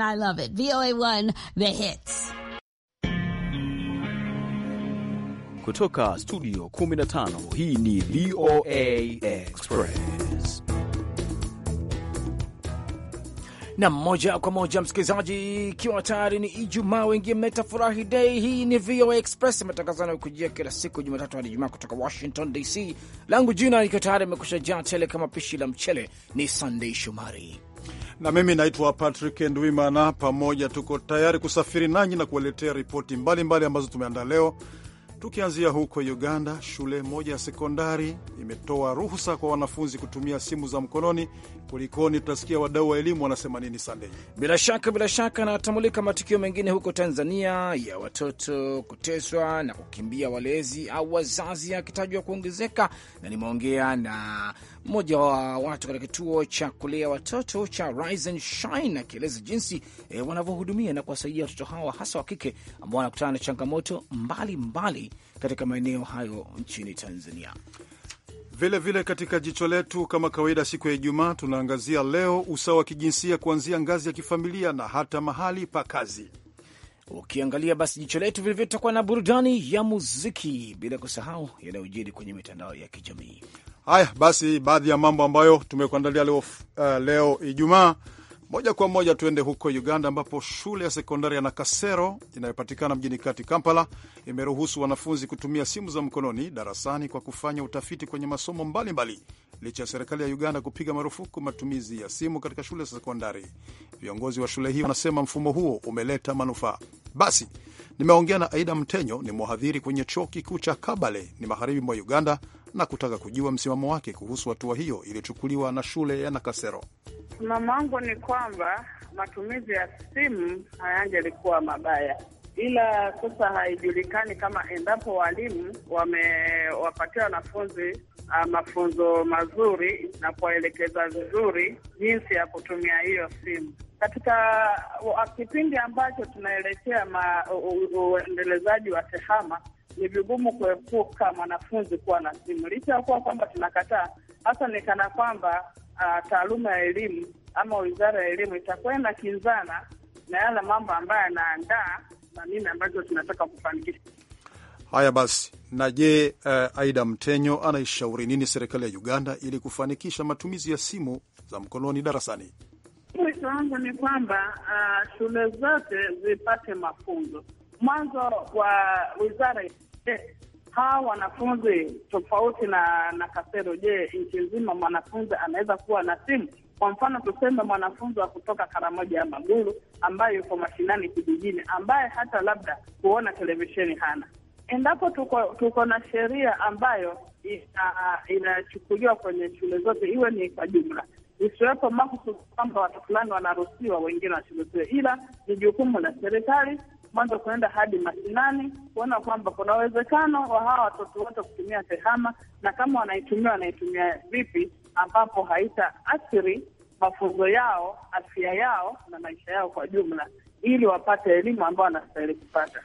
And I love it. VOA1, the hits. Kutoka studio 15, hii ni VOA Express na moja kwa moja, msikilizaji, ikiwa tayari ni Ijumaa, wengine mnaita furahi dei. Hii ni VOA Express, matangazo yanayokujia kila siku Jumatatu hadi jumaa kutoka Washington DC. Langu jina ikiwa tayari imekusha jaa tele kama pishi la mchele, ni sandei Shomari na mimi naitwa Patrick Ndwimana. Pamoja tuko tayari kusafiri nanyi na kuwaletea ripoti mbalimbali ambazo tumeandaa leo, tukianzia huko Uganda. Shule moja ya sekondari imetoa ruhusa kwa wanafunzi kutumia simu za mkononi Kulikoni, tutasikia wadau wa elimu wanasema nini. Sandei, bila shaka, bila shaka, na matukio mengine huko Tanzania ya watoto kuteswa na kukimbia walezi au wazazi akitajwa kuongezeka, na nimeongea na mmoja wa watu katika kituo cha kulea watoto cha Rise and Shine akieleza jinsi e, wanavyohudumia na kuwasaidia watoto hawa hasa wa kike ambao wanakutana na changamoto mbalimbali mbali katika maeneo hayo nchini Tanzania. Vilevile vile katika jicho letu, kama kawaida, siku ya Ijumaa tunaangazia leo usawa wa kijinsia kuanzia ngazi ya kifamilia na hata mahali pa kazi. Ukiangalia basi jicho letu, vilevile tutakuwa na burudani ya muziki, bila kusahau yanayojiri kwenye mitandao ya kijamii. Haya basi, baadhi ya mambo ambayo tumekuandalia leo, uh, leo Ijumaa moja kwa moja tuende huko Uganda, ambapo shule ya sekondari ya Nakasero inayopatikana mjini kati Kampala imeruhusu wanafunzi kutumia simu za mkononi darasani kwa kufanya utafiti kwenye masomo mbalimbali, licha ya serikali ya Uganda kupiga marufuku matumizi ya simu katika shule za sekondari. Viongozi wa shule hiyo wanasema mfumo huo umeleta manufaa. Basi nimeongea na Aida Mtenyo, ni mhadhiri kwenye chuo kikuu cha Kabale, ni magharibi mwa Uganda, na kutaka kujua msimamo wake kuhusu hatua hiyo iliyochukuliwa na shule ya Nakasero. Msimamo wangu ni kwamba matumizi ya simu hayangelikuwa mabaya ila sasa haijulikani kama endapo walimu wamewapatia wanafunzi ah, mafunzo mazuri na kuwaelekeza vizuri jinsi ya kutumia hiyo simu katika kipindi ambacho tunaelekea uendelezaji wa tehama ni vigumu kuepuka mwanafunzi kuwa na simu, licha ya kuwa kwamba tunakataa, hasa nikana kwamba uh, taaluma ya elimu ama wizara ya elimu itakuwa kinzana na yale mambo ambayo yanaandaa na nini ambacho tunataka kufanikisha. Haya basi, na je, uh, Aida Mtenyo anaishauri nini serikali ya Uganda ili kufanikisha matumizi ya simu za mkononi darasani? Wito wangu ni kwamba uh, shule zote zipate mafunzo mwanzo wa wizara hawa wanafunzi tofauti na na kasero, je, nchi nzima mwanafunzi anaweza kuwa na simu? Kwa mfano tuseme mwanafunzi wa kutoka Karamoja ya Maguru ambaye yuko mashinani kijijini, ambaye hata labda kuona televisheni hana. Endapo tuko, tuko na sheria ambayo inachukuliwa ina kwenye shule zote, iwe ni kwa jumla, isiwepo makusu kwamba watu fulani wanaruhusiwa, wengine wasiruhusiwe, ila ni jukumu la serikali kwanza kuenda hadi mashinani kuona kwamba kuna uwezekano wa hawa watoto wote kutumia tehama, na kama wanaitumia wanaitumia vipi, ambapo haita athiri mafunzo yao, afya yao na maisha yao kwa jumla, ili wapate elimu ambao wanastahili kupata.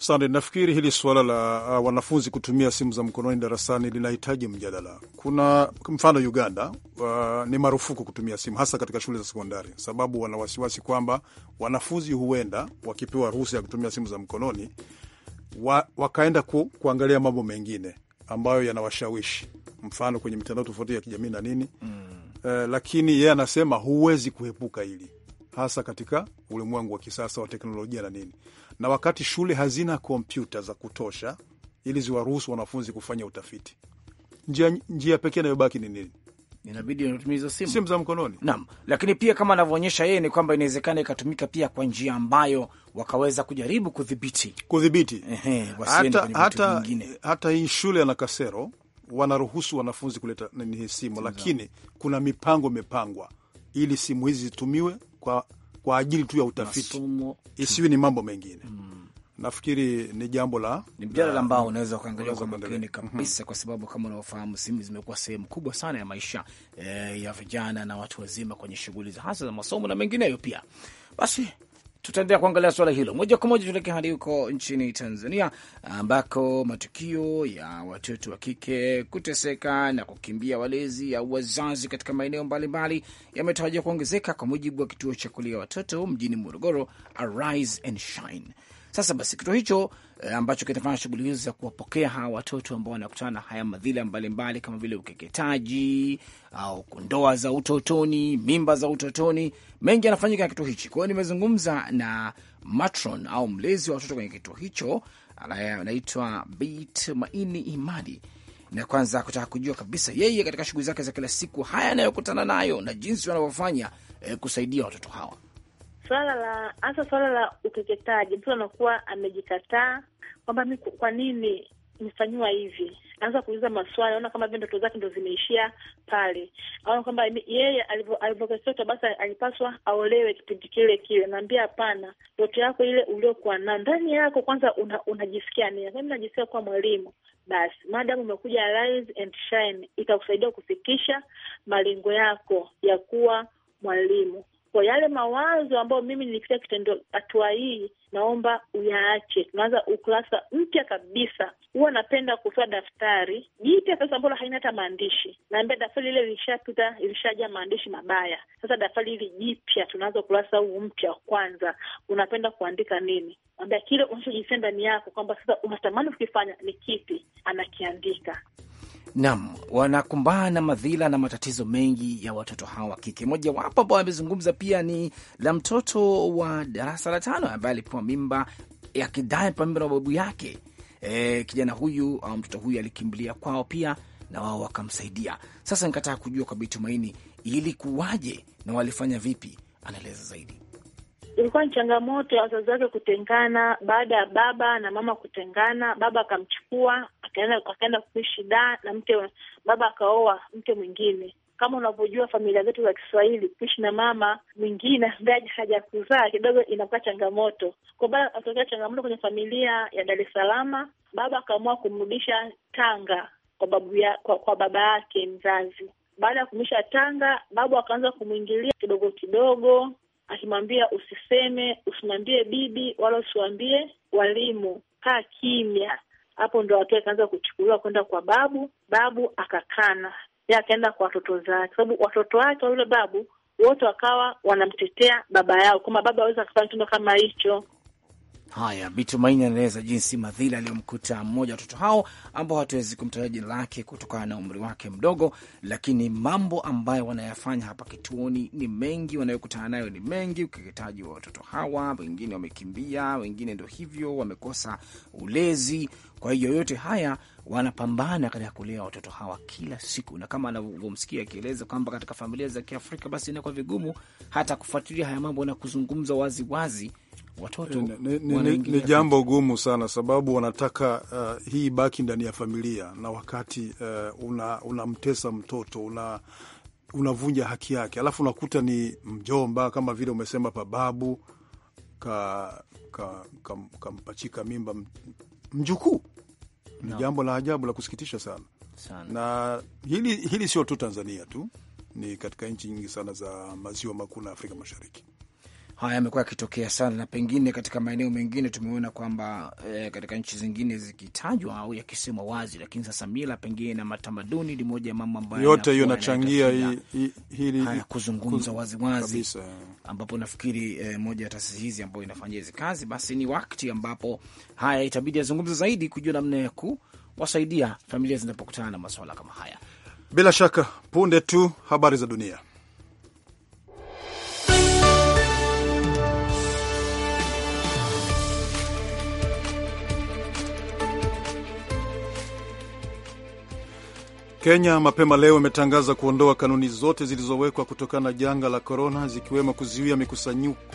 Sande, nafikiri hili suala la uh, wanafunzi kutumia simu za mkononi darasani linahitaji mjadala. Kuna mfano Uganda, uh, ni marufuku kutumia simu hasa katika shule za sekondari, sababu wana wasiwasi kwamba wanafunzi huenda wakipewa ruhusa ya kutumia simu za mkononi wa, wakaenda ku, kuangalia mambo mengine ambayo yanawashawishi, mfano kwenye mitandao tofauti ya kijamii na nini mm. Uh, lakini yeye anasema huwezi kuepuka hili hasa katika ulimwengu wa kisasa wa teknolojia na nini na wakati shule hazina kompyuta za kutosha ili ziwaruhusu wanafunzi kufanya utafiti, njia, njia pekee inayobaki ni nini? Inabidi inatumia simu, simu za mkononi. Naam, lakini pia kama anavyoonyesha yeye ni kwamba inawezekana ikatumika pia kwa njia ambayo wakaweza kujaribu kudhibiti kudhibiti, hata, hata, hata hii shule ya Nakasero wanaruhusu wanafunzi kuleta nini simu, simu, lakini kuna mipango imepangwa ili simu hizi zitumiwe kwa kwa ajili tu ya utafiti, isiwi ni mambo mengine mm. Nafikiri ni jambo la ni mjadala ambao unaweza ukaangalia kwa makini kabisa, mhm. kwa sababu kama unavyofahamu simu zimekuwa sehemu kubwa sana ya maisha e, ya vijana na watu wazima kwenye shughuli za hasa za masomo na mengineyo pia. Basi tutaendelea kuangalia suala hilo moja kwa moja. Tuelekea hadi huko nchini Tanzania ambako matukio ya watoto wa kike kuteseka na kukimbia walezi au wazazi katika maeneo mbalimbali yametarajiwa kuongezeka, kwa mujibu wa kituo cha kulia watoto mjini Morogoro, Arise and Shine. Sasa basi kituo hicho e, ambacho kinafanya shughuli hizo za kuwapokea hawa watoto ambao wanakutana na haya madhila mbalimbali kama vile ukeketaji au ndoa za utotoni, mimba za utotoni, mengi yanafanyika na kituo hichi. Kwa hiyo nimezungumza na matron au mlezi wa watoto kwenye kituo hicho anaitwa Bit Maini Imani, na kwanza kutaka kujua kabisa yeye katika shughuli zake za kila siku haya anayokutana nayo na jinsi wanavyofanya e, kusaidia watoto hawa swala la hasa swala la ukeketaji, mtu anakuwa amejikataa kwamba mi kwa nini nifanyiwa hivi, anaanza kuuliza maswali, anaona kama vile ndoto zake ndo zimeishia pale, anaona kwamba yeye alivyokeketwa basi alipaswa aolewe kipindi kile kile. Naambia hapana, ndoto yako ile uliokuwa na ndani yako kwanza una, unajisikia nini? Kama yaani najisikia kuwa mwalimu, basi madamu umekuja Rise and Shine itakusaidia kufikisha malengo yako ya kuwa mwalimu. Kwa yale mawazo ambayo mimi nilipitia kitendo, hatua hii naomba uyaache. Tunaanza ukurasa mpya kabisa. Huwa napenda kutoa daftari jipya sasa ambalo haina hata maandishi. Naambia daftari ile ilishapita, ilishaja maandishi mabaya. Sasa daftari hili jipya, tunaanza ukurasa huu mpya. Kwanza unapenda kuandika nini? Ambia kile unachojisia ndani yako kwamba sasa unatamani ukifanya ni kipi, anakiandika nam wanakumbana na madhila na matatizo mengi ya watoto hawa wa kike. Mojawapo ambao amezungumza pia ni la mtoto wa darasa la tano ambaye alipewa mimba akidai pewa mimba na babu yake. E, kijana huyu au mtoto huyu alikimbilia kwao pia na wao wakamsaidia. Sasa nikataka kujua kwa Bitumaini ilikuwaje na walifanya vipi? Anaeleza zaidi. Ilikuwa ni changamoto ya wazazi wake kutengana, baada ya baba na mama kutengana, baba akamchukua akaenda kuishi da na mke baba akaoa mke mwingine. Kama unavyojua familia zetu za Kiswahili, kuishi na mama mwingine ambaye kuzaa kidogo inakuwa changamoto. Kwa baba akatokea changamoto kwenye familia ya Dar es Salaam, baba akaamua kumrudisha Tanga kwa babu ya, kwa, kwa baba yake mzazi. Baada ya kumisha Tanga, babu akaanza kumwingilia kidogo kidogo, akimwambia usiseme, usimwambie bibi wala usiwambie walimu, kaa kimya. Hapo ndo watu akaanza kuchukuliwa kwenda kwa babu. Babu akakana, ye akaenda kwa watoto zake, sababu watoto wake wa yule babu wote wakawa wanamtetea baba yao, kwamba baba aweza akafanya kitendo kama hicho. Haya, Bitumaini anaeleza jinsi madhila aliyomkuta mmoja watoto hao ambao hatuwezi kumtaja jina lake kutokana na umri wake mdogo, lakini mambo ambayo wanayafanya hapa kituoni ni mengi, wanayokutana nayo ni mengi, ukeketaji wa watoto hawa, wengine wamekimbia, wengine ndo hivyo wamekosa ulezi. Kwa hiyo yote haya wanapambana katika kulea watoto hawa kila siku, na kama anavyomsikia akieleza kwamba katika familia za Kiafrika basi inakuwa vigumu hata kufuatilia haya mambo na kuzungumza waziwazi wazi watoto eh, ni, ni, ni jambo gumu sana, sababu wanataka uh, hii baki ndani ya familia, na wakati uh, unamtesa una mtoto una unavunja haki yake, alafu unakuta ni mjomba kama vile umesema pababu ka ka, ka mimba mjukuu ni no. Jambo la ajabu la kusikitisha sana, sana. Na hili, hili sio tu Tanzania tu, ni katika nchi nyingi sana za maziwa makuu na Afrika Mashariki haya yamekuwa yakitokea sana, na pengine katika maeneo mengine tumeona kwamba e, katika nchi zingine zikitajwa au yakisema wazi, lakini sasa mila pengine na matamaduni ni moja ya mambo ambayo yote hiyo inachangia hili kuzungumza waziwazi, ambapo nafikiri e, moja ya taasisi hizi ambayo inafanyia hizi kazi, basi ni wakati ambapo haya itabidi yazungumze zaidi, kujua namna ya kuwasaidia familia zinapokutana na masuala kama haya. Bila shaka punde tu habari za dunia. Kenya mapema leo imetangaza kuondoa kanuni zote zilizowekwa kutokana na janga la korona, zikiwemo kuzuia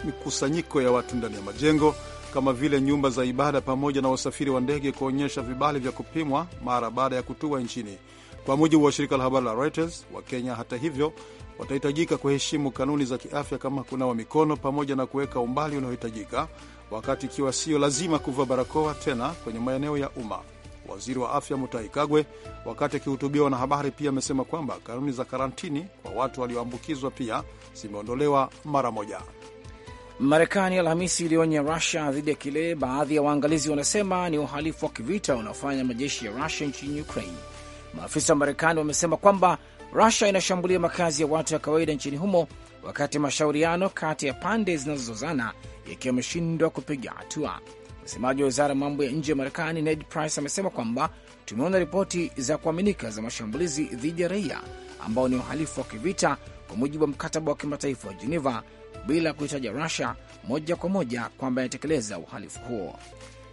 mikusanyiko ya watu ndani ya majengo kama vile nyumba za ibada, pamoja na wasafiri wa ndege kuonyesha vibali vya kupimwa mara baada ya kutua nchini, kwa mujibu wa shirika la habari la Reuters. Wakenya hata hivyo watahitajika kuheshimu kanuni za kiafya kama kunawa mikono pamoja na kuweka umbali unaohitajika, wakati ikiwa sio lazima kuvaa barakoa tena kwenye maeneo ya umma. Waziri wa afya Mutahi Kagwe, wakati akihutubia wanahabari, pia amesema kwamba kanuni za karantini kwa watu walioambukizwa pia zimeondolewa mara moja. Marekani Alhamisi ilionya Rusia dhidi ya kile baadhi ya waangalizi wanasema ni uhalifu wa kivita unaofanya majeshi ya Rusia nchini Ukraine. Maafisa wa Marekani wamesema kwamba Rusia inashambulia makazi ya watu ya kawaida nchini humo, wakati mashauriano kati ya pande zinazozozana yakiwa yameshindwa kupiga hatua. Msemaji wa wizara ya mambo ya nje ya Marekani Ned Price amesema kwamba tumeona ripoti za kuaminika za mashambulizi dhidi ya raia ambao ni uhalifu wa kivita kwa mujibu wa mkataba wa kimataifa wa Geneva, bila kuhitaja Rusia moja kwa moja kwamba inatekeleza uhalifu huo.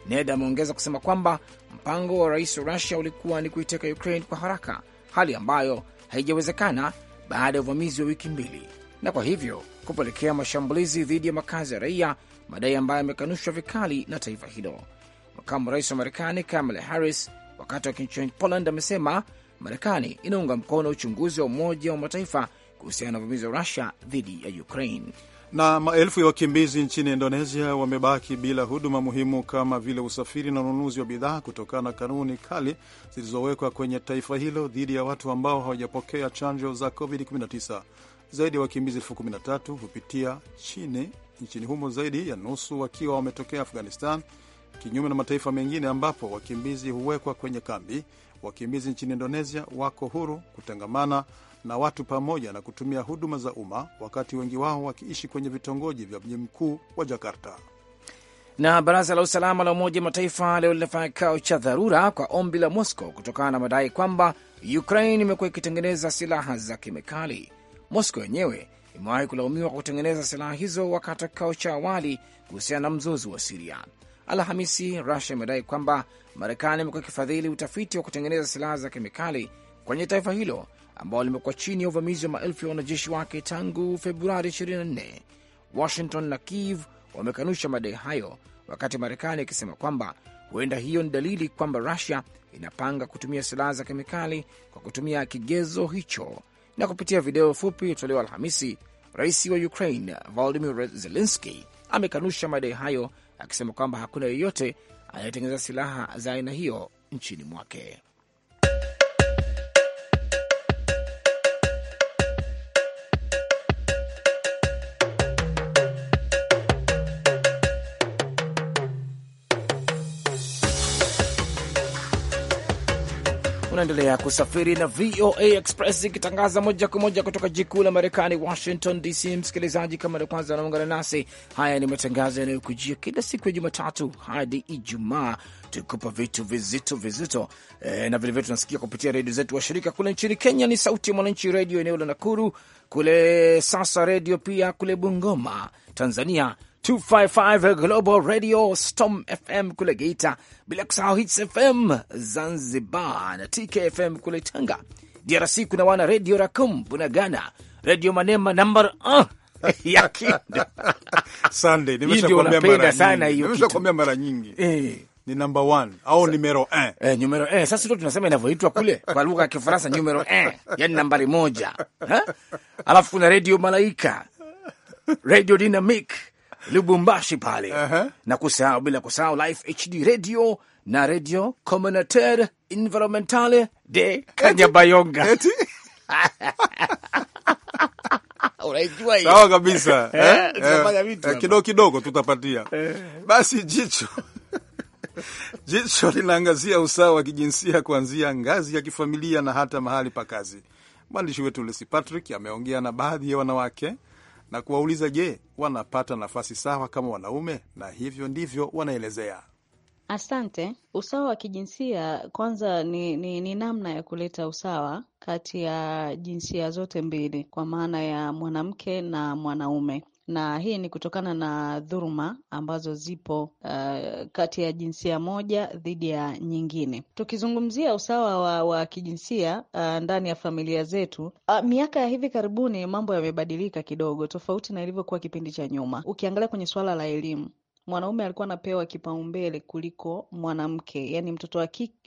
Ned ameongeza kusema kwamba mpango wa rais wa Rusia ulikuwa ni kuiteka Ukraine kwa haraka, hali ambayo haijawezekana baada ya uvamizi wa wiki mbili, na kwa hivyo kupelekea mashambulizi dhidi ya makazi ya raia madai ambayo yamekanushwa vikali na taifa hilo. Makamu rais wa Marekani Kamala Harris, wakati wa nchini Poland, amesema Marekani inaunga mkono uchunguzi wa Umoja wa Mataifa kuhusiana na uvamizi wa Rusia dhidi ya Ukraine. Na maelfu ya wakimbizi nchini Indonesia wamebaki bila huduma muhimu kama vile usafiri na ununuzi wa bidhaa kutokana na kanuni kali zilizowekwa kwenye taifa hilo dhidi ya watu ambao hawajapokea chanjo za COVID-19. Zaidi ya wakimbizi elfu hupitia chini nchini humo, zaidi ya nusu wakiwa wametokea Afghanistan, kinyume na mataifa mengine ambapo wakimbizi huwekwa kwenye kambi. Wakimbizi nchini Indonesia wako huru kutangamana na watu pamoja na kutumia huduma za umma, wakati wengi wao wakiishi kwenye vitongoji vya mji mkuu wa Jakarta. Na baraza la usalama la Umoja wa Mataifa leo linafanya kikao cha dharura kwa ombi la Moscow kutokana na madai kwamba Ukraine imekuwa ikitengeneza silaha za kemikali. Moscow yenyewe imewahi kulaumiwa kwa kutengeneza silaha hizo wakati wa kikao cha awali kuhusiana na mzozo wa Siria. Alhamisi, Rusia imedai kwamba Marekani imekuwa ikifadhili utafiti wa kutengeneza silaha za kemikali kwenye taifa hilo ambao limekuwa chini ya uvamizi wa maelfu ya wanajeshi wake tangu Februari 24. Washington na Kiev wamekanusha madai hayo, wakati Marekani ikisema kwamba huenda hiyo ni dalili kwamba Rusia inapanga kutumia silaha za kemikali kwa kutumia kigezo hicho. Na kupitia video fupi iliyotolewa Alhamisi, Rais wa Ukraine Volodymyr Zelensky amekanusha madai hayo akisema kwamba hakuna yeyote anayetengeneza silaha za aina hiyo nchini mwake. unaendelea kusafiri na VOA Express ikitangaza moja kwa moja kutoka jikuu la Marekani, Washington DC. Msikilizaji, kama ndio kwanza anaungana nasi, haya ni matangazo yanayokujia kila siku ya Jumatatu hadi Ijumaa, tukupa vitu vizito vizito e, na vilevile tunasikia kupitia redio zetu wa shirika kule nchini Kenya ni Sauti ya Mwananchi redio eneo la Nakuru, kule Sasa redio pia kule Bungoma. Tanzania 255 Global Radio, Storm FM kule Geita, bila kusahau Hits FM Zanzibar na TK FM kule Tanga. DRC kuna wana Radio Rakum Bunagana, Radio Manema nambar uh, ah, ya kinda Sunday, nimeshakwambia mara hiyo, nimeshakwambia mara nyingi eh ni number one au numero un eh, numero un sasa ndio tunasema inavyoitwa kule kwa lugha ya Kifaransa numero un, yani nambari moja ha? Alafu kuna Radio Malaika, Radio Dynamic Lubumbashi pale uh -huh. na kusahau bila kusahau Life HD Radio na Radio Communautaire Environmentale de Kanyabayonga Sawa kabisa eh? eh, eh, eh kidogo kidogo tutapatia eh. basi. Jicho jicho linaangazia usawa wa kijinsia kuanzia ngazi ya kifamilia na hata mahali pa kazi. Mwandishi wetu Lucy Patrick ameongea na baadhi ya wanawake na kuwauliza je, wanapata nafasi sawa kama wanaume? Na hivyo ndivyo wanaelezea. Asante. Usawa wa kijinsia kwanza ni, ni, ni namna ya kuleta usawa kati ya jinsia zote mbili, kwa maana ya mwanamke na mwanaume na hii ni kutokana na dhuruma ambazo zipo uh, kati ya jinsia moja dhidi ya nyingine. Tukizungumzia usawa wa, wa kijinsia uh, ndani ya familia zetu uh, miaka ya hivi karibuni mambo yamebadilika kidogo, tofauti na ilivyokuwa kipindi cha nyuma. Ukiangalia kwenye suala la elimu, mwanaume alikuwa anapewa kipaumbele kuliko mwanamke yaani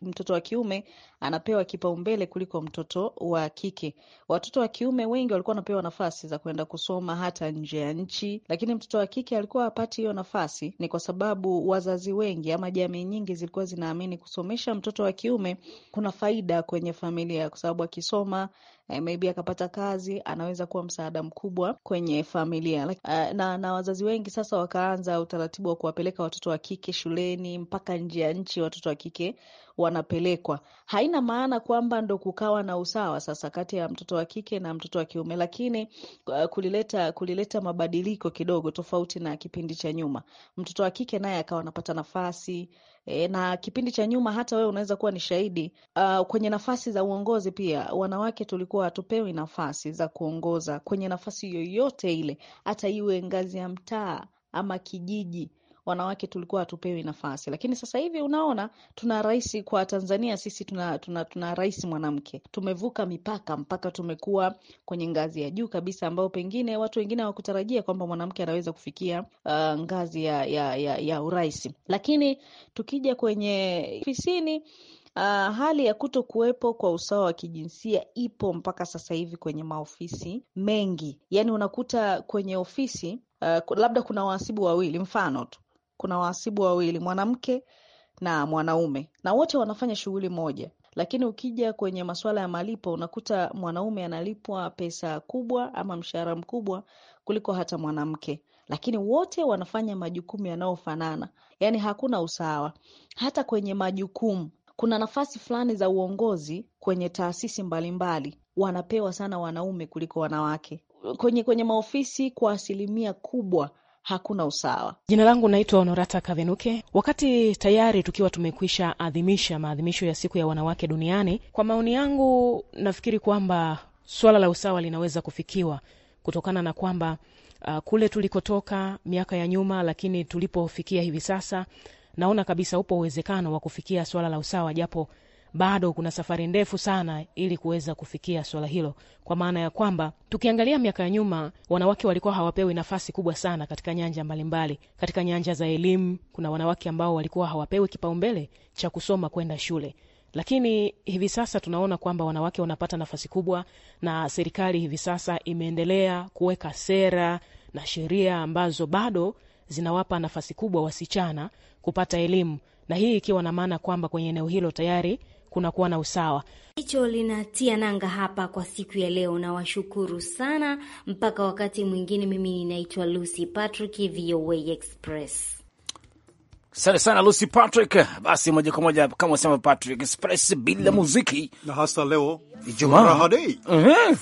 mtoto wa kiume anapewa kipaumbele kuliko mtoto wa kike. Watoto wa kiume wengi walikuwa wanapewa nafasi za kwenda kusoma hata nje ya nchi, lakini mtoto wa kike alikuwa hapati hiyo nafasi. Ni kwa sababu wazazi wengi ama jamii nyingi zilikuwa zinaamini kusomesha mtoto wa kiume kuna faida kwenye familia, kwa sababu akisoma eh, maybe akapata kazi, anaweza kuwa msaada mkubwa kwenye familia like, uh, na, na wazazi wengi sasa wakaanza utaratibu wa kuwapeleka watoto wa kike shuleni mpaka nje ya nchi watoto wa kike wanapelekwa. Haina maana kwamba ndo kukawa na usawa sasa kati ya mtoto wa kike na mtoto wa kiume, lakini uh, kulileta kulileta mabadiliko kidogo, tofauti na kipindi cha nyuma. Mtoto wa kike naye akawa anapata nafasi e, na kipindi cha nyuma hata wewe unaweza kuwa ni shahidi uh, kwenye nafasi za uongozi pia wanawake tulikuwa hatupewi nafasi za kuongoza kwenye nafasi yoyote ile, hata iwe ngazi ya mtaa ama kijiji wanawake tulikuwa hatupewi nafasi, lakini sasa hivi unaona tuna rais kwa Tanzania sisi tuna, tuna, tuna rais mwanamke. Tumevuka mipaka mpaka tumekuwa kwenye ngazi ya juu kabisa, ambao pengine watu wengine hawakutarajia kwamba mwanamke anaweza kufikia uh, ngazi ya, ya, ya, ya urais. Lakini tukija kwenye ofisini Uh, hali ya kuto kuwepo kwa usawa wa kijinsia ipo mpaka sasa hivi kwenye maofisi mengi. Yaani unakuta kwenye ofisi uh, labda kuna wahasibu wawili mfano tu kuna wahasibu wawili, mwanamke na mwanaume, na wote wanafanya shughuli moja lakini ukija kwenye masuala ya malipo unakuta mwanaume analipwa pesa kubwa ama mshahara mkubwa kuliko hata mwanamke, lakini wote wanafanya majukumu yanayofanana, yaani hakuna usawa hata kwenye majukumu. Kuna nafasi fulani za uongozi kwenye taasisi mbalimbali wanapewa sana wanaume kuliko wanawake. Kwenye kwenye maofisi kwa asilimia kubwa hakuna usawa. Jina langu naitwa Honorata Kavenuke. Wakati tayari tukiwa tumekwisha adhimisha maadhimisho ya siku ya wanawake duniani, kwa maoni yangu nafikiri kwamba swala la usawa linaweza kufikiwa kutokana na kwamba uh, kule tulikotoka miaka ya nyuma, lakini tulipofikia hivi sasa, naona kabisa upo uwezekano wa kufikia swala la usawa, japo bado kuna safari ndefu sana ili kuweza kufikia swala hilo, kwa maana ya kwamba tukiangalia miaka ya nyuma, wanawake walikuwa hawapewi nafasi kubwa sana katika nyanja mbalimbali mbali. Katika nyanja za elimu kuna wanawake ambao walikuwa hawapewi kipaumbele cha kusoma kwenda shule lakini hivi sasa tunaona kwamba wanawake wanapata nafasi kubwa, na serikali hivi sasa imeendelea kuweka sera na sheria ambazo bado zinawapa nafasi kubwa wasichana kupata elimu, na hii ikiwa na maana kwamba kwenye eneo hilo tayari kunakuwa na usawa. Hicho linatia nanga hapa kwa siku ya leo, na washukuru sana. Mpaka wakati mwingine, mimi ninaitwa Lucy Patrick, VOA Express. Asante sana Lucy Patrick. Basi moja kwa moja kama sema Patrick Express bila mm, muziki na hasa leo Ijumaa,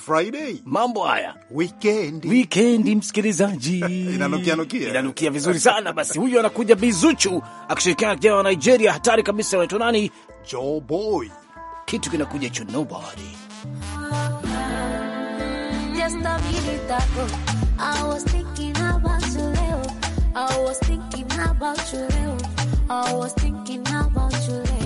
Friday, mambo haya weekend, weekend msikilizaji, inanukia nukia, inanukia vizuri sana. Basi huyu anakuja Bizuchu akishirikiana kijana wa Nigeria hatari kabisa, anaitwa nani? Joe Boy, kitu kinakuja cho nobody I was thinking about you, I was thinking about you.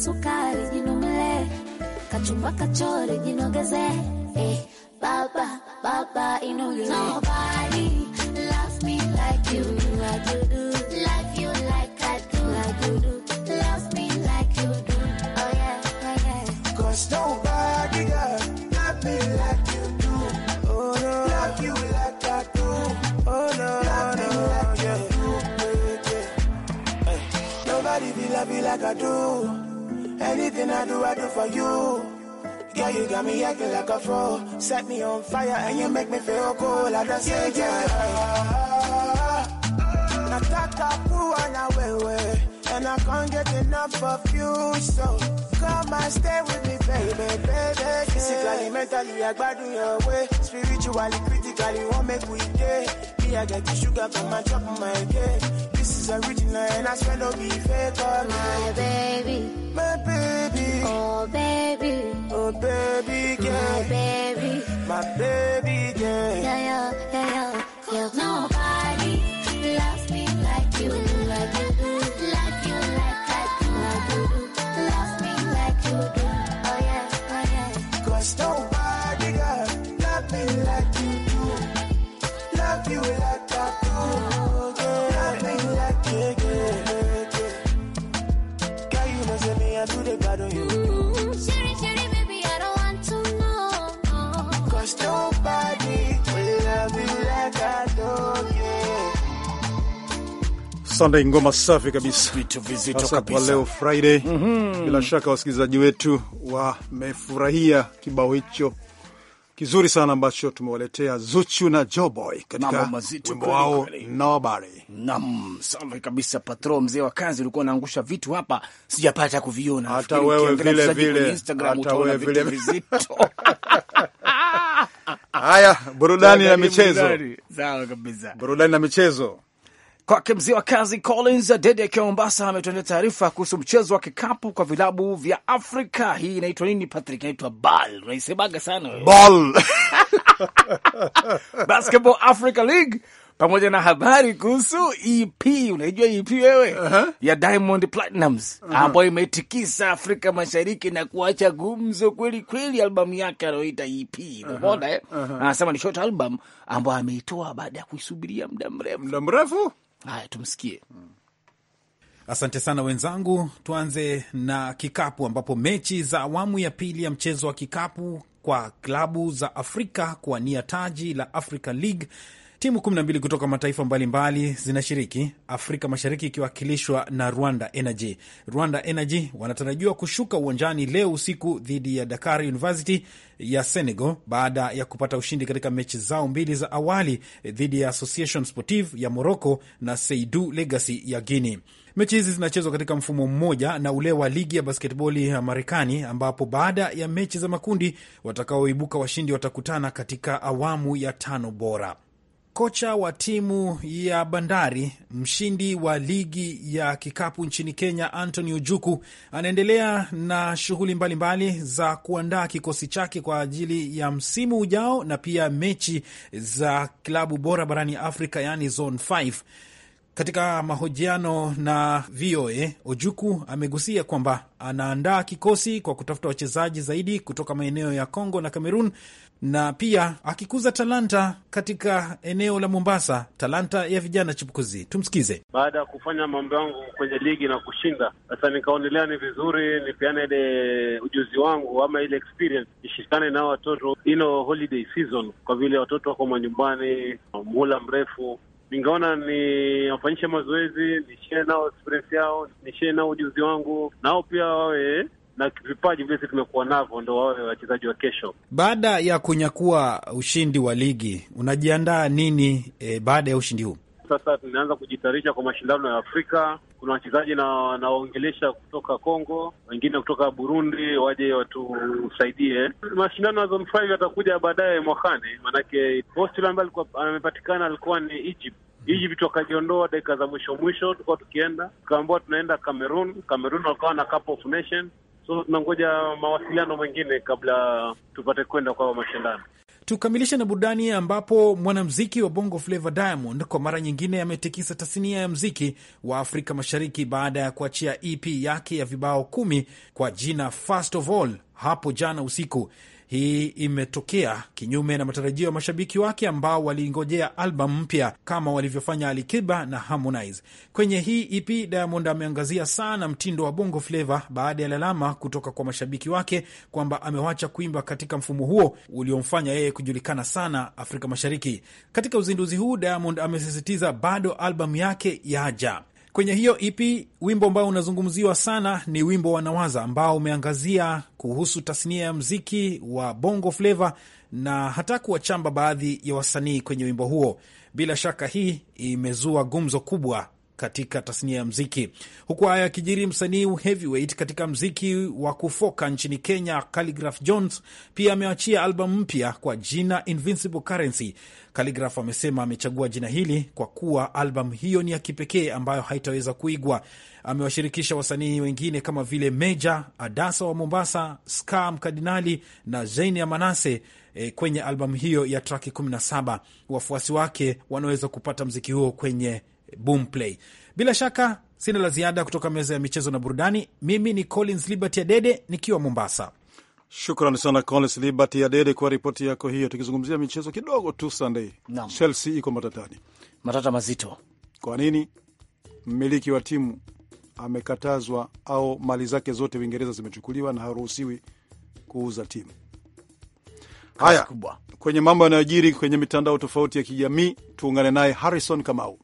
sukari jino kachumba kachori jino gazee. Eh, baba, baba, you nobody loves me like you, like you do, like you like I do, like loves me like you do. Oh yeah, Cause nobody got love me like you do. Oh no, love you like I do. Oh no, love no, like you do. Eh, eh, nobody be love you like I do. Anything I do, I do for you. Girl, you got me acting like a pro. Set me on fire and you make me feel cool. I just yeah, yeah. Nataka kuwa wewe. And I can't get enough of you, so come and stay with me, baby, baby. Physically, mentally, I got your way. Spiritually, critically, won't make we day. Me, I get the sugar from my top of my head. This is original, and I swear no be fake, oh, my baby. My baby. Oh baby, oh baby, girl. my oh, baby, my baby. Sunday, ngoma safi kabisa, vitu vizito kabisa leo Friday. mm -hmm. Bila shaka wasikilizaji wetu wamefurahia kibao hicho kizuri sana ambacho tumewaletea Zuchu na Joboy katika wimbo wao Nobody. Naam, safi kabisa. Patro, mzee wa kazi, ulikuwa unaangusha vitu hapa, sijapata kuviona. Hata wewe vile vile, hata wewe vile vizito Haya, burudani na michezo. Sawa kabisa, burudani na michezo kwake mzee wa kazi Collins Adede akiwa Mombasa ametuandia taarifa kuhusu mchezo wa kikapu kwa vilabu vya Afrika. Hii inaitwa nini, Patrick? Inaitwa bal, unaisemaga sana bal Basketball Africa League pamoja na habari kuhusu EP. Unaijua EP wewe? uh -huh. ya Diamond Platnumz uh -huh. ambayo imetikisa Afrika Mashariki na kuacha gumzo kweli kweli. Albamu yake anayoita EP umeona, uh-huh. eh? Uh-huh. anasema ni short album ambayo ameitoa baada ya kuisubiria muda mrefu muda mrefu Haya, tumsikie. Asante sana wenzangu, tuanze na kikapu ambapo mechi za awamu ya pili ya mchezo wa kikapu kwa klabu za Afrika kuwania taji la Africa League Timu 12 kutoka mataifa mbalimbali mbali zinashiriki, Afrika Mashariki ikiwakilishwa na Rwanda Energy. Rwanda Energy wanatarajiwa kushuka uwanjani leo usiku dhidi ya Dakar University ya Senegal baada ya kupata ushindi katika mechi zao mbili za awali dhidi ya Association Sportive ya Morocco na Seidu Legacy ya Guinea. Mechi hizi zinachezwa katika mfumo mmoja na ule wa ligi ya basketboli ya Marekani, ambapo baada ya mechi za makundi watakaoibuka washindi watakutana katika awamu ya tano bora kocha wa timu ya Bandari, mshindi wa ligi ya kikapu nchini Kenya, Anthony Ojuku anaendelea na shughuli mbalimbali za kuandaa kikosi chake kwa ajili ya msimu ujao na pia mechi za klabu bora barani Afrika, yaani Zone 5. Katika mahojiano na VOA, Ojuku amegusia kwamba anaandaa kikosi kwa kutafuta wachezaji zaidi kutoka maeneo ya congo na Cameroon na pia akikuza talanta katika eneo la Mombasa, talanta ya vijana chipukuzi. Tumsikize. Baada ya kufanya mambo yangu kwenye ligi na kushinda, sasa nikaonelea ni vizuri nipeane ile ujuzi wangu ama ile experience, nishikane nao watoto ino holiday season, kwa vile watoto wako manyumbani muhula mrefu Ningeona wafanyishe mazoezi, nishie nao experience yao, nishie nao ujuzi wangu, nao pia wawe na vipaji vile tumekuwa navyo ndo wawe wachezaji wa kesho. Baada ya kunyakua ushindi wa ligi, unajiandaa nini e, baada ya ushindi huu? Sasa tunaanza kujitayarisha kwa mashindano ya Afrika. Kuna wachezaji na kutoka Kongo, wengine kutoka Burundi waje watusaidie. Mashindano ya Five yatakuja baadaye mwakani, maanake host ambaye alikuwa amepatikana alikuwa ni Egypt. Egypt wakajiondoa dakika za mwisho mwisho, tukawa tukienda tukaambiwa tunaenda Cameroon. Cameroon wakawa na Cup of so tunangoja mawasiliano mengine kabla tupate kwenda kwa mashindano. Tukamilishe na burudani, ambapo mwanamziki wa Bongo Flava Diamond kwa mara nyingine ametikisa tasnia ya mziki wa Afrika Mashariki baada ya kuachia EP yake ya vibao kumi kwa jina First of All hapo jana usiku. Hii imetokea kinyume na matarajio ya mashabiki wake ambao waliingojea albamu mpya kama walivyofanya Alikiba na Harmonize. Kwenye hii EP Diamond ameangazia sana mtindo wa bongo fleva baada ya lalama kutoka kwa mashabiki wake kwamba amewacha kuimba katika mfumo huo uliomfanya yeye kujulikana sana Afrika Mashariki. Katika uzinduzi huu, Diamond amesisitiza bado albamu yake yaja Kwenye hiyo EP wimbo ambao unazungumziwa sana ni wimbo wa Nawaza ambao umeangazia kuhusu tasnia ya mziki wa bongo fleva na hata kuwachamba baadhi ya wasanii kwenye wimbo huo. Bila shaka hii imezua gumzo kubwa katika tasnia ya mziki. Huku haya akijiri, msanii heavyweight katika mziki wa kufoka nchini Kenya, Khaligraph Jones pia ameachia albamu mpya kwa jina Invincible Currency. Khaligraph amesema amechagua jina hili kwa kuwa albamu hiyo ni ya kipekee ambayo haitaweza kuigwa. Amewashirikisha wasanii wengine kama vile Meja Adasa wa Mombasa, Ska Mkardinali na Zeini ya Manase e, eh, kwenye albamu hiyo ya traki 17. Wafuasi wake wanaweza kupata mziki huo kwenye Boomplay. Bila shaka sina la ziada kutoka meza ya michezo na burudani. Mimi ni Collins Liberty Adede nikiwa Mombasa. Shukran sana Collins Liberty Adede kwa ripoti yako hiyo. Tukizungumzia michezo kidogo tu, Sunday, Chelsea iko matatani, matata mazito. Kwa nini? Mmiliki wa timu amekatazwa au mali zake zote Uingereza zimechukuliwa na haruhusiwi kuuza timu. Haya, kwenye mambo yanayojiri kwenye mitandao tofauti ya kijamii, tuungane naye Harrison Kamau.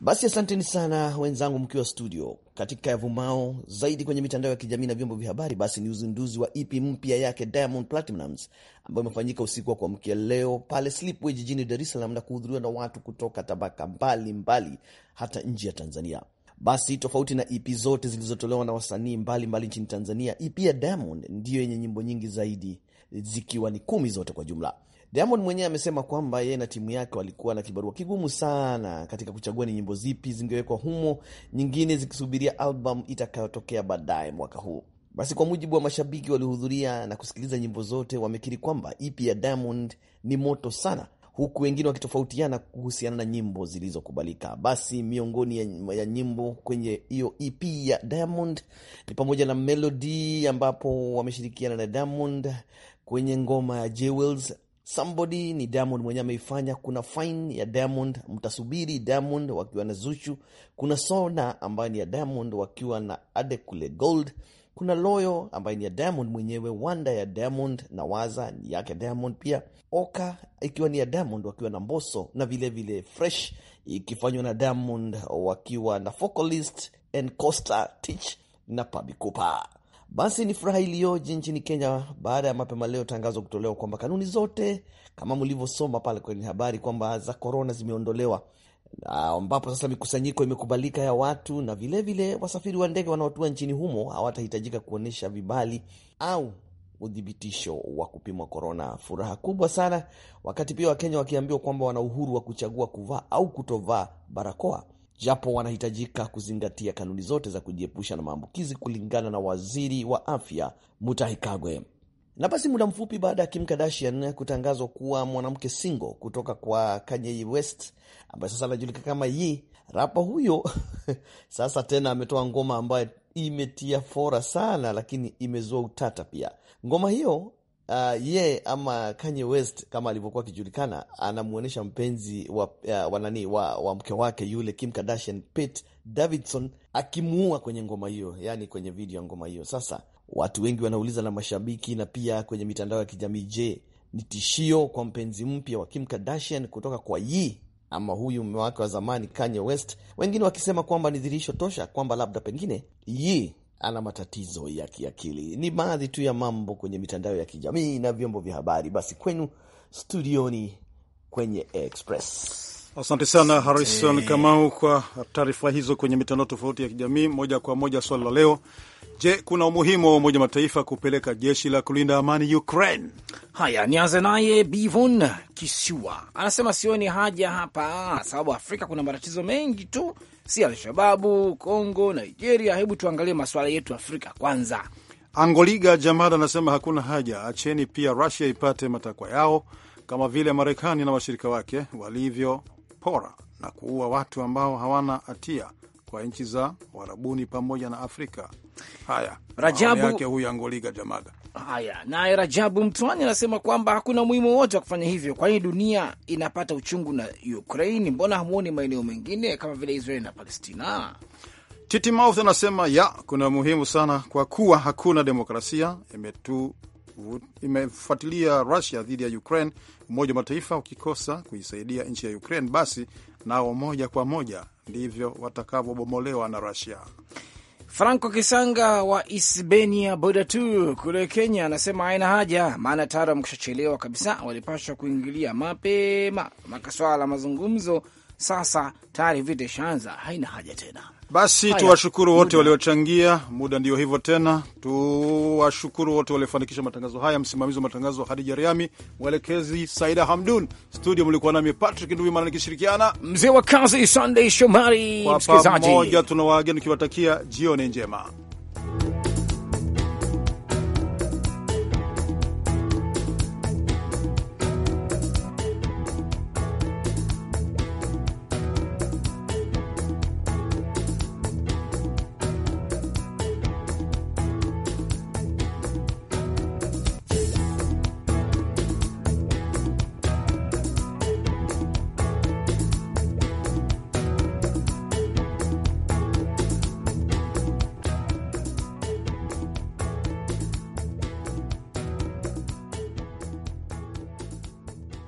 Basi asanteni sana wenzangu, mkiwa studio katika yavumao zaidi kwenye mitandao ya kijamii na vyombo vya habari. Basi ni uzinduzi wa EP mpya yake Diamond Platnumz ambayo imefanyika usiku wa kuamkia leo pale Slipway jijini Dar es Salaam na kuhudhuriwa na watu kutoka tabaka mbalimbali hata nje ya Tanzania. Basi tofauti na EP zote zilizotolewa na wasanii mbalimbali nchini Tanzania, EP ya Diamond ndiyo yenye nyimbo nyingi zaidi zikiwa ni kumi zote kwa jumla. Diamond mwenyewe amesema kwamba yeye na timu yake walikuwa na kibarua kigumu sana katika kuchagua ni nyimbo zipi zingewekwa humo, nyingine zikisubiria albamu itakayotokea baadaye mwaka huu. Basi kwa mujibu wa mashabiki waliohudhuria na kusikiliza nyimbo zote, wamekiri kwamba EP ya Diamond ni moto sana, huku wengine wakitofautiana kuhusiana na nyimbo zilizokubalika. Basi miongoni ya nyimbo kwenye hiyo EP ya Diamond ni pamoja na Melody ambapo wameshirikiana na Diamond kwenye ngoma ya Jewels Somebody ni Diamond mwenyewe ameifanya. Kuna Fine ya Diamond, mtasubiri Diamond wakiwa na Zuchu. Kuna Sona ambayo ni ya Diamond wakiwa na Adekule Gold. Kuna Loyo ambayo ni ya Diamond mwenyewe, Wanda ya Diamond na Waza ni yake Diamond pia, Oka ikiwa ni ya Diamond wakiwa na mboso na vilevile vile Fresh ikifanywa na Diamond wakiwa na Focalist and Costa Titch na Pabikupa. Basi ni furaha iliyoje nchini Kenya baada ya mapema leo tangazo kutolewa kwamba kanuni zote kama mlivyosoma pale kwenye habari kwamba za korona zimeondolewa, ambapo sasa mikusanyiko imekubalika ya watu na vilevile vile, wasafiri wa ndege wanaotua nchini humo hawatahitajika kuonyesha vibali au uthibitisho wa kupimwa korona. Furaha kubwa sana, wakati pia Wakenya wakiambiwa kwamba wana uhuru wa kuchagua kuvaa au kutovaa barakoa japo wanahitajika kuzingatia kanuni zote za kujiepusha na maambukizi, kulingana na waziri wa afya Mutahi Kagwe. Na basi muda mfupi baada ya Kim Kardashian kutangazwa kuwa mwanamke single kutoka kwa Kanye West ambaye sasa anajulikana kama Ye, rapa huyo sasa tena ametoa ngoma ambayo imetia fora sana, lakini imezua utata pia. Ngoma hiyo Uh, ye ama Kanye West kama alivyokuwa akijulikana anamwonyesha mpenzi wa, uh, wa, nani, wa, wa mke wake yule Kim Kardashian Pete Davidson akimuua kwenye ngoma hiyo, yani kwenye video ya ngoma hiyo. Sasa watu wengi wanauliza na mashabiki na pia kwenye mitandao ya kijamii, je, ni tishio kwa mpenzi mpya wa Kim Kardashian kutoka kwa Ye ama huyu mume wake wa zamani Kanye West, wengine wakisema kwamba ni dhihirisho tosha kwamba labda pengine Ye ana matatizo ya kiakili. Ni baadhi tu ya mambo kwenye mitandao ya kijamii na vyombo vya habari. Basi kwenu studioni kwenye Express. Asante sana Harrison eh. Kamau kwa taarifa hizo kwenye mitandao tofauti ya kijamii. Moja kwa moja swali la leo, je, kuna umuhimu wa Umoja Mataifa kupeleka jeshi la kulinda amani Ukraine? Haya, nianze naye Bivon Kisiwa anasema sioni haja hapa, sababu Afrika kuna matatizo mengi tu si Alshababu, Kongo, Nigeria. Hebu tuangalie masuala yetu Afrika kwanza. Angoliga Jamada anasema hakuna haja, acheni pia Rusia ipate matakwa yao kama vile Marekani na washirika wake walivyopora na kuua watu ambao hawana hatia kwa nchi za Warabuni pamoja na Afrika. Haya, Rajabu yake huyu Angoliga Jamada. Haya, naye Rajabu Mtwani anasema kwamba hakuna umuhimu wowote wa kufanya hivyo, kwani dunia inapata uchungu na Ukraine. Mbona hamuoni maeneo mengine kama vile Israeli na Palestina? Titimouth anasema ya kuna muhimu sana kwa kuwa hakuna demokrasia imetu imefuatilia Rusia dhidi ya Ukraine. Umoja wa Mataifa ukikosa kuisaidia nchi ya Ukraine, basi nao moja kwa moja ndivyo watakavyobomolewa na Rusia. Franco Kisanga wa Isbenia Bodatu kule Kenya anasema haina haja, maana tayari wamekushachelewa kabisa, walipashwa kuingilia mapema makaswala la mazungumzo sasa tayari vita ishaanza, haina haja tena. Basi tuwashukuru wote waliochangia. Muda ndio hivyo tena, tuwashukuru wote waliofanikisha matangazo haya. Msimamizi wa matangazo Hadija Riami, mwelekezi Saida Hamdun, studio mlikuwa nami Patrick Nduvimana nikishirikiana mzee wa kazi Sunday Shomari. Msikilizaji, pamoja tunawaageni ukiwatakia jioni njema.